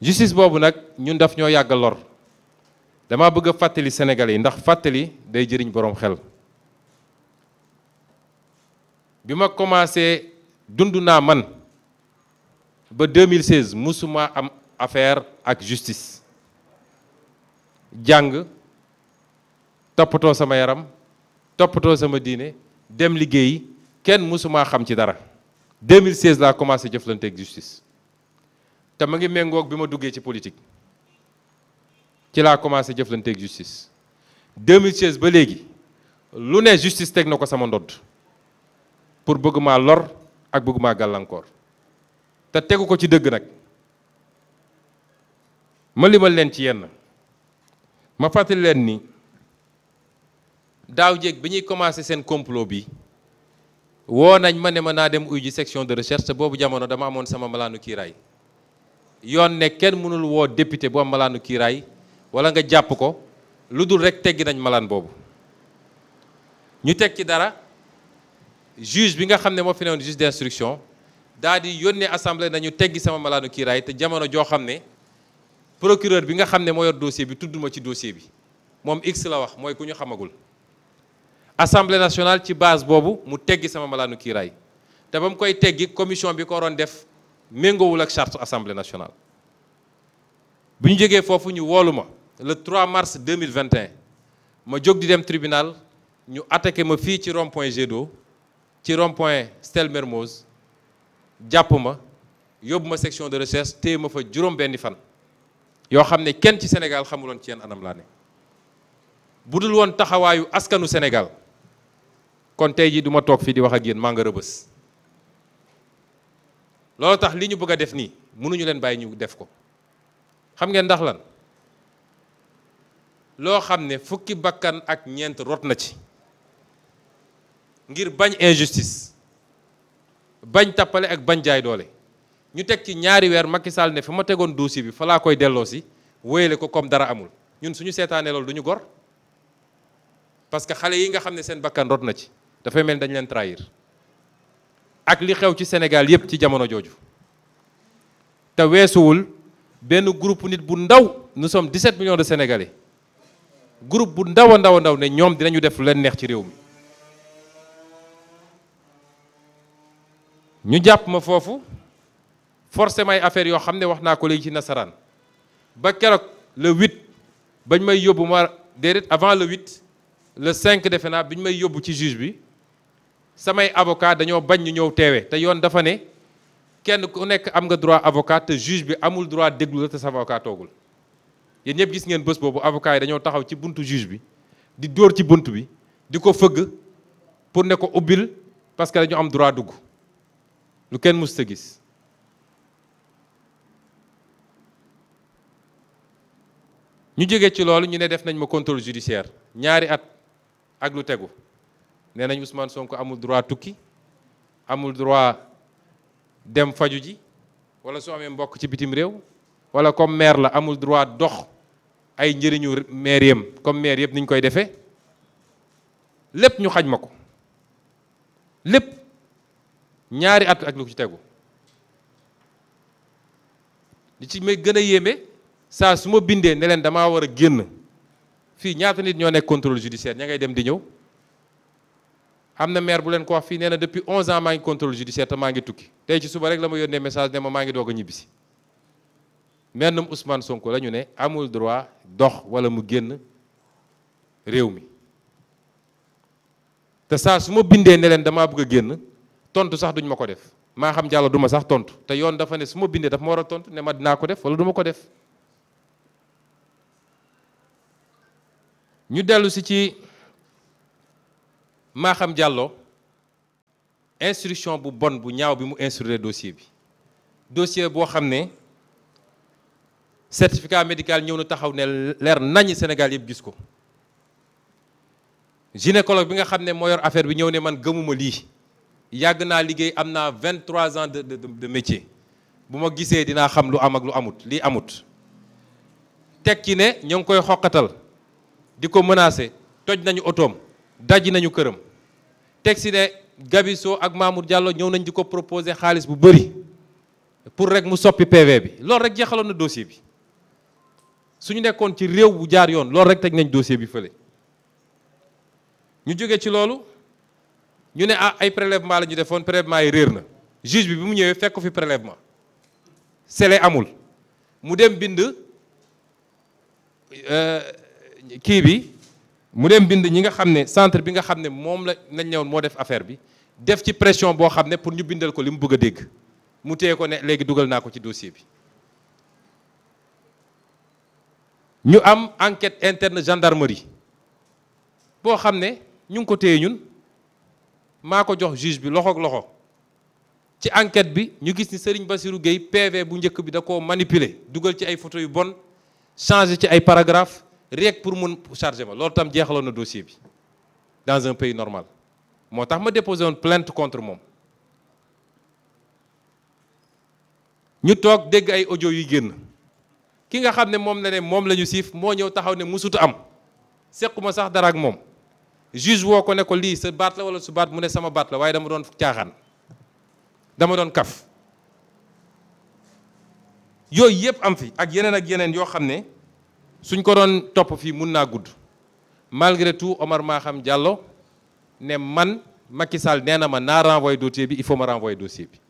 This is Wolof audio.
justice boobu nag ñun daf ñoo yàgg lor dama bëgg a fàttali senegal yi ndax fàttali day jëriñ boroom xel bi ma commencé dund naa man ba 2016 musuma am affaire ak justice jàng toppatoo sama yaram toppatoo sama diine dem liggéeyi kenn musuma xam ci dara 2016 laa commencé jëflante ak justice te ma ngi méngoog bi ma duggee ci politique ci laa commencé jëflanteeg justice 2016 ba léegi lu ne justice teg na ko sama ndodd pour bëgg maa lor ak bëgg maa gàllankoor te tegu ko ci dëgg nag ma limal leen ci yenn ma fàttali leen ni daaw jéeg bi ñuy commencé seen complot bi woo nañ ma ne ma naa dem uy ji section de recherche boobu jamono dama amoon sama malaanu kiiraay yoon ne kenn mënul woo député bu am malaanu kiiraay wala nga jàpp ko lu dul rek teggi nañ malaan boobu ñu teg ci dara juge bi nga xam ne moo fi newoon juge d'instruction daal di yónnee assemblée nañu teggi sama malaanu kiiraay te jamono joo xam ne procureur bi nga xam ne moo yor bi tudduma ci dossier bi moom x la wax mooy ku ñu xamagul assemblée nationale ci base boobu mu teggi sama malaanu kiiraay te ba mu koy teggi commission bi ko waroon def méngoowul ak charte assemblée nationale bu ñu jógee foofu ñu woolu ma le 3 mars 2021 ma jóg di dem tribunal ñu attaqué ma fii ci rond point ci rond point jàpp ma yóbbu ma section de recherche téye ma fa juróom benni fan yoo xam ne kenn ci Sénégal xamuloon ci yenn anam laa ne bu dul woon taxawaayu askanu Sénégal kon tey jii du ma toog fii di wax ak yéen maa nga rëbës loolu tax li ñu bëgg a def nii mënuñu leen bàyyi ñu def ko xam ngeen ndax lan loo xam ne fukki bakkan ak ñeent rot na ci ngir bañ injustice bañ tappale ak bañ jaay doole ñu teg ci ñaari weer Macky Sall ne fu ma tegoon dossier bi fa laa koy delloo si wéyale ko comme dara amul ñun suñu seetaanee loolu duñu ñu gor parce que xale yi nga xam ne seen bakkan rot na ci dafay mel ni dañ leen trahir ak li xew ci Sénégal yépp ci jamono jooju te weesuwul benn groupe nit bu ndaw nous sommes 17 millions de Sénégalais groupe bu ndaw a ndaw ndaw ne ñoom dinañu def leen neex ci réew mi ñu jàpp ma foofu forcément ay affaires yoo xam ne wax naa ko léegi ci nasaraan ba keroog le 8 bañ may yóbbu ma déedéet avant le 8 le 5 defe naa ñu may yóbbu ci juge bi samay avocat dañoo bañ ñu ñëw teewe te yoon dafa ne kenn ku nekk am nga droit avocat te juge bi amul droit déglu la te sa avocat toogul yéen ñëpp gis ngeen bës boobu avocat yi dañoo taxaw ci buntu juge bi di dóor ci bunt bi di ko fëgg pour ne ko ubbil parce que dañu am droit dugg lu kenn mus ta gis ñu jógee ci loolu ñu ne def nañ ma contrôle judiciaire ñaari at ak lu tegu nee nañ Ousmane sonk amul droit tukki amul droit dem faju ji wala su amee mbokk ci bitim réew wala comme maire la amul droit dox ay njëriñu maire yem comme maire yëpp niñ koy defee lépp ñu xaj ma ko lépp ñaari at ak lu ci tegu li ci may gën a yéeme saa su ma bindee ne leen damaa war a génn fii ñaata nit ñoo nekk contrôle judiciaire ña ngay dem di ñëw am na maire bu leen ko wax fii nee na depuis 11 ans maa ngi contrôle judiciaire te maa ngi tukki tey ci suba rek la ma yónnee message ne ma maa ngi doog a ñibbisi mennum Ousmane Sonko la ñu ne amul droit dox wala mu génn réew mi te saa su ma bindee ne leen damaa bëgg a génn tontu sax duñ ma ko def maa xam jàll duma sax tontu te yoon dafa ne su ma bindee daf ma war a tontu ne ma dinaa ko def wala du ko def ñu dellu ci. Maham Diallo instruction bu bon bu ñaaw bi mu instruire dossier bi dossier boo xam ne certificat médical ñëw na taxaw ne leer nañi Sénégal yëpp gis ko gynécologue bi nga xam ne moo yor affaire bi ñëw ne man gëmuma lii yàgg naa liggéey am naa 23 ans de de de métier bu ma gisee dinaa xam lu am ak lu amut lii amut teg ci ne ñoo ngi koy xoqatal di ko menacer toj nañu otoom. daj nañu këram teg si ne Gabiso ak Mamour Diallo ñëw nañ di ko proposer xaalis bu bëri pour rek mu soppi PV bi loolu rek jeexaloon na dossier bi suñu nekkoon ci réew bu jaar yoon loolu rek teg nañ dossier bi fële ñu jóge ci loolu ñu ne ah ay prélèvement la ñu defoon prélèvement yi réer na juge bi bi mu ñëwee fekk fi prélèvement sele amul mu dem bind euh, kii bi mu dem bind ñi nga xam ne centre bi nga xam ne moom la nañ ñëwoon moo def affaire bi def ci pression boo xam ne pour ñu bindal ko li mu bëgg a dégg mu téye ko ne léegi dugal naa ko ci dossier bi ñu am enquête interne gendarmerie boo xam ne ñu ngi ko téye ñun maa ko jox juge bi loxoog loxo ci enquête bi ñu gis ni Serigne basiru Gueye PV bu njëkk bi da koo manipuler dugal ci ay photo yu bon changé ci ay paragraphe rek pour mun charger ma loolu tam jeexaloon na dossier bi dans un pays normal moo tax ma déposé woon plainte contre moom ñu toog dégg ay audio yu génn ki nga xam ne moom na ne moom lañu ñu siif moo ñëw taxaw ne musutu am sequma sax dara ak moom juge woo ko ne ko lii sa baat la wala su baat mu ne sama baat la waaye dama doon caaxaan dama doon kaf yooyu yëpp am fi ak yeneen ak yeneen yoo xam ne suñ ko doon topp fii mun naa gudd malgré tout Omar Maham Diallo ne man Macky Sall nee na ma naa renvoyé dossier bi il faut ma renvoyé dossier bi